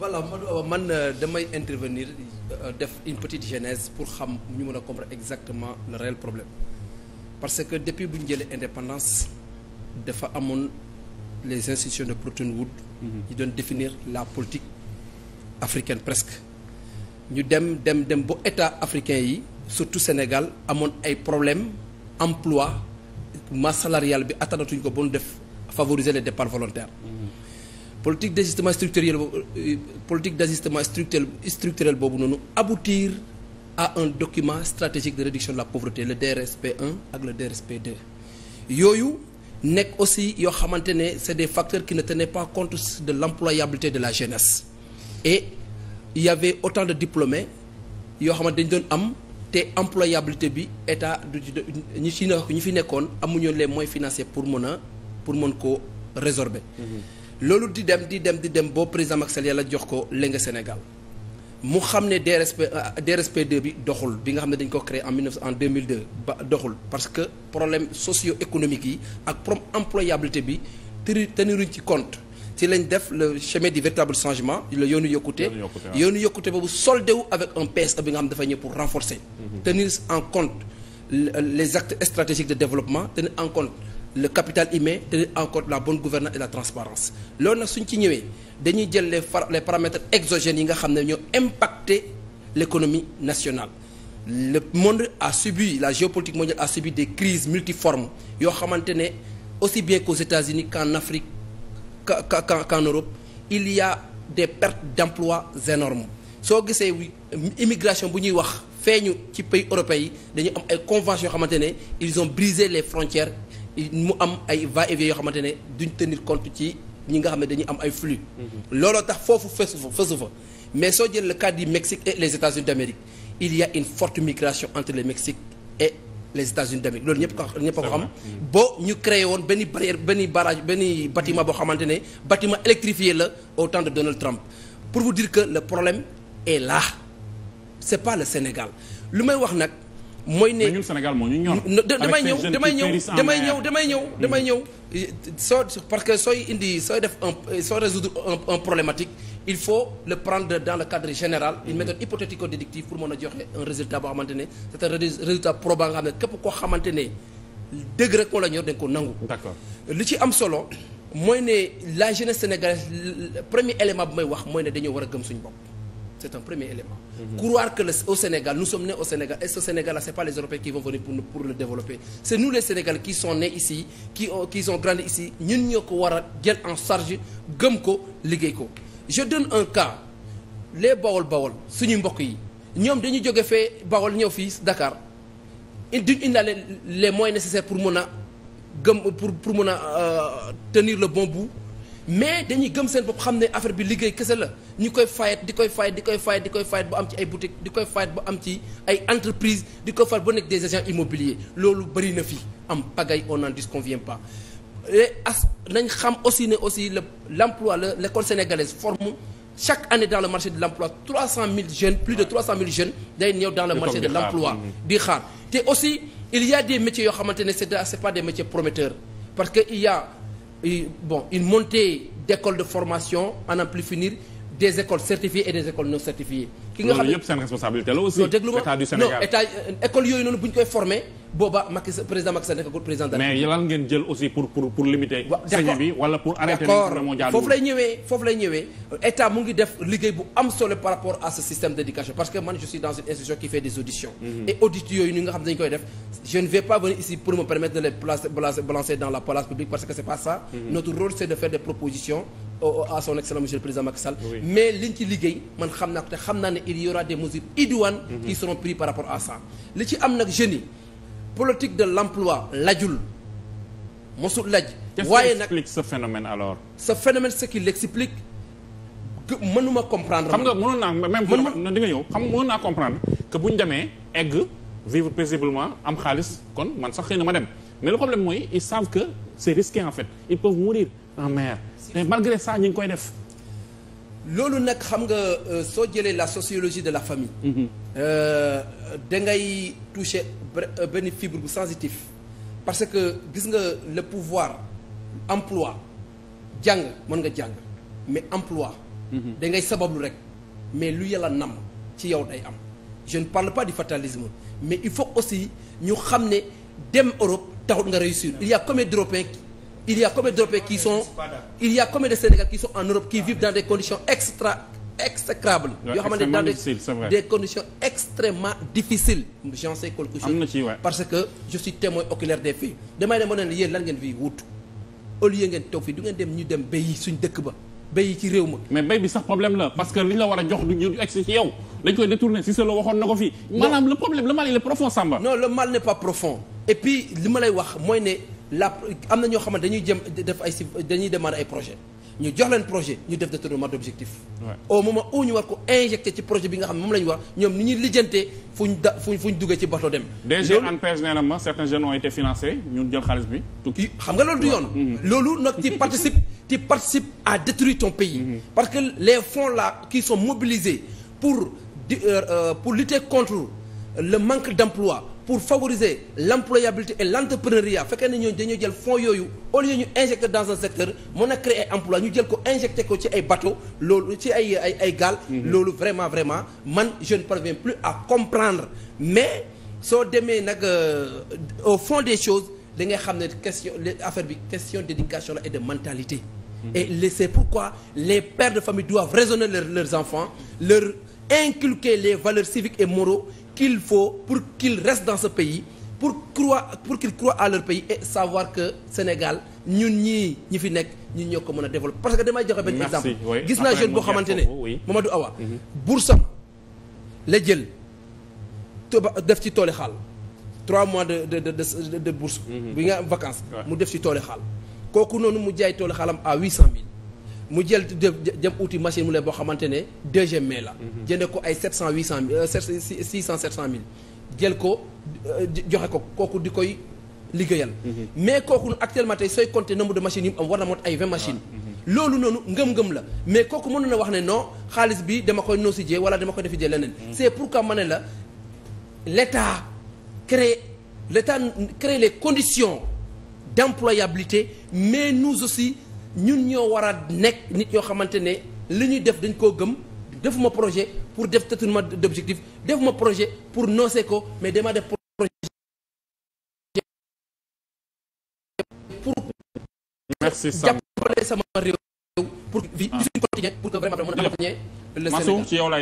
voilà Madou Awa man euh, damay intervenir euh, def une petite genèse pour xam ñu mën a comprendre exactement le réel problème parce que depuis bu ñu jëlee indépendance dafa amoon les institutions de Bretton Woods yi mhm. doon définir la politique africaine presque ñu dem dem dem ba état africain yi surtout Sénégal amoon ay problème emploi masse salariale bi attanatuñ ko ba def favoriser les départs volontaires mhm. politique d'ajustement structurel euh, politique d'ajustement structurel structurel boobu noonu aboutir à un document stratégique de réduction de la pauvreté le DRSP 1 ak le DRSP 2 yooyu nekk aussi yoo xamante ne c'est des facteurs qui ne tenaient pas compte de l'employabilité de la jeunesse et il y avait autant de diplômés yoo xamante dañu doon am te employabilité bi état du ñi ci ñu fi nekkoon amuñoo leen moyens financiers pour mën a pour mën koo résorber. Mm-hmm. loolu di dem di dem di dem boo président Macky Sall yàlla jox ko lé nga Sénégal mu xam ne DRSP euh, DRSP de bi doxul bi nga xam ne dañ ko créé en 19 en 2002 ba doxul parce que problème socio-économique yi ak problème employabilité bi tëri teniruñ ci compte ci lañ def le chemin du véritable changement le yoonu yokkute yoonu yokkute boobu soldé avec un PSE bi nga xam ne dafa ñëw pour renforcer mm-hmm. tenir en compte les actes stratégiques de développement tenir en le capital humain te encore la bonne gouvernance et la transparence loolu nag suñ ci ñëwee dañuy jël les les paramètres exogènes yi nga xam ne ñoo impacté l'économie nationale le monde a subi la géopolitique mondiale a subi des crises multiformes yoo xamante ne aussi bien qu'aux États-Unis qu'en Afrique qu'en qu'en Europe il y des pertes d'emplois énormes soo gisee immigration bu ñuy wax feeñu ci pays européens yi dañu am ay conventions yoo xamante ne ils ont brisé les frontières mu am ay va et yoo xamante ne duñ tenir compte ci ñi nga xam ne dañuy am ay flux. Mhm. looloo tax foofu fësu fa fësu fa mais soo jël le cas du Mexique et les États-Unis d'Amérique il y a une forte migration entre le Mexique et les États-Unis d'Amérique loolu ñëpp ko ñëpp a ko xam boo ñu créé woon benn barrière benn barrage benn batima boo xamante ne bâtiment électrifié la au temps de Donald Trump pour vous dire que le problème est là c'est pas le Sénégal lu may wax nag. mooy ne ñun Sénégal moo ñu ñor. damay ñëw damay ñëw damay hmm. ñëw damay ñëw damay ñëw. soo parce que sooy indi sooy def un sooy résoudre un un il faut le prendre dans le cadre général. une hmm. méthode hypothético-déductive pour mën a joxe un résultat boo xamante ne c'est un résultat probant nga xam ne képp koo xamante ne dëgg rek moo la ñor dañ ko nangu. li ci am solo mooy ne la jeunesse sénégalaise premier élément bu may wax mooy ne dañoo war a gëm suñu bopp. c'est un premier élément. Mm que le, au Sénégal, nous sommes nés au Sénégal, et ce Sénégal-là, c'est pas les Européens qui vont venir pour, nous, le développer. C'est nous les Sénégalais qui sont nés ici, qui ont, qui sont grandis ici, ñun ñoo ko war a jël en charge gëm ko liggéey ko. Je donne un cas les Bawol Bawol suñu mbokk yi ñoom dañu jóge fee Bawol ñëw fii Dakar duñ indaale les moyens nécessaires pour mën a gëm pour pour mën a euh, tenir le bon bout mais dañuy gëm seen bopp xam ne affaire bi liggéey kese la ñu koy fayet di koy fayet di koy fayet di koy fayet bu am ci ay boutique di koy fayet bu am ci ay entreprise di koy fayet bu nekk des agents immobiliers loolu bëri na fi am pagaille on n'en disconvient pas et as nañ xam aussi ne aussi le l'emploi la l'école sénégalaise forme chaque année dans le marché de l'emploi 300 000 jeunes plus de 300 000 jeunes day ñëw dans le marché de a des métiers yoo xamante ne c'est c'est pas des que a bon une montée d'écoles de formation à n'en plus finir des écoles certifiées et des écoles non certifiées ki seen responsabilité la aussi. état du Sénégal état euh, école yooyu noonu bu ñu koy formé booba président Macky Sall nekkagul président. d' mais lan ngeen jël aussi pour limiter. waaw bi wala foofu lay ñëwee foofu lay ñëwee état mu ngi def liggéey bu am solo par rapport à ce système d' parce que man je dans une institution qui fait des auditions. Mhm. et audit yooyu ñu nga xam ne koy def je ne vais pas venir ici pour me à son excellence monsieur liggéey man xam naa ko xam naa ne il y aura des mesures idoines. Mhm. qui seront prises par rapport à am nag jeunes yi politique de l'emploi lajul mosul laj. waaye nag qu'est-ce qui explique ce phénomène alors. ce phénomène ce qui l'explique mënuma comprendre. xam na mënoon naa même man di nga xam nga mënoon naa comprendre que bu ñu demee egg vivre paisiblement am xaalis kon man sax xëy na ma dem mais le problème mooy ils savent que c'est risqué en fait ils peuvent mourir en mer. mais malgré ça ñu ngi koy def. loolu nag xam nga euh, soo jëlee la sociologie de la famille. Mhm. Euh, da ngay toucher euh, benn fibre bu sensitif. parce que gis nga le pouvoir emploi jàng mën nga jàng mais emploi. Mhm. da ngay sabablu rek mais lu yàlla nam ci yow day am. jeune ne parle pas du fatalisme mais il faut aussi ñu xam ne dem Europe taxut nga réussir il y a combien d'Européens il y a combien d'Européens qui sont il y a de Sénégalais qui sont en Europe qui vivent dans des conditions extra exécrables yoo xamante dans des, conditions extrêmement difficiles j'en sais quelque parce que je suis oculaire des faits damay dem ba ne yéen lan ngeen wut au lieu ngeen toog fii du ngeen dem ñu dem suñ dëkk ba béyi ci réew ma mais béy bi sax problème la parce que li la war a jox du egsi ci yow dañ koy détourner si selo waxoon na ko fii maanaam le problème le la am na ñoo xamante dañuy jëm def ay si dañuy demander ay projet ñu jox leen projet ñu def détournement d'objectif au moment où ñu war ko injecté ci projet bi nga xam ne moom la ñu war ñoom ni ñuy lijjantee fu ñu da fuñ fu ñu duggee ci bato dem DG ANPEJ nee na ma certains jeunes ont été financés ñun jël xaalis bi tukki xam nga loolu du yoon mm-hmm. loolu nag ci participe ci participe à détruire pays mm-hmm. parce que les fonds la qui sont mobilisés pour euh, euh, pour lutter contre le manque d'emploi pour favoriser l'employabilité et l'entrepreneuriat fekkee na ñooñu dañoo jël fonds yooyu au lieu ñu injecter dans un secteur mën a créer ay emploi ñu jël ko injecter ko ci ay bateau loolu ci ay ay gaal mhm. loolu vraiment vraiment man je ne parviens plus à comprendre mais soo demee nag euh, au fond des choses da ngay xam ne question affaire bi question d'éducation la et de mentalité mhm. et c'est pourquoi les pères de famille doivent raisonner leurs leurs enfants leur inculquer les valeurs civiques et moro qu'il faut pour qu'ils restent dans ce pays pour croire pour qu'ils croient à leur pays et savoir que Sénégal ñun ñii ñi fi nekk ñu ñoo ko mën a développer parce que damay joxe benn exemple gis naa jeune boo xamante ne Mamadou Awa mhm. bursam la jël toba def ci tooli xaal trois mois de de de de de bourse mhm. bi nga am vacances mu def ci tooli xaal kooku noonu mu jaay tooli xaalam à huit cent mille mu jël de jëm outil machine mu leen boo xamante ne deuxième mai la. Mhm. jënde ko ay sept cent huit cent mille euh, six cent sept cent mille jël ko euh, joxe ko kooku di koy liggéeyal. Mhm. mais kooku actuellement tey sooy compter nombre de machines yu mu am war na moo ay vingt machines. Ah, mhm. loolu noonu ngëm-ngëm la mais kooku mënu na wax ne noo xaalis bi dama koy noosi jee wala dama koy defi jee leneen. c'est pourquoi ma ne la l'État crée l'État crée les conditions d'employabilité mais nous aussi. ñun ñoo war nekk nit yoo xamante ne li ñuy def dañ koo gëm defuma projet pour def tâtonnement d'objectif defuma projet pour noose ko mais dama def projet pour jàppale sama réew pour vie ah. suñu quotidien pour que vraiment mën a accompagner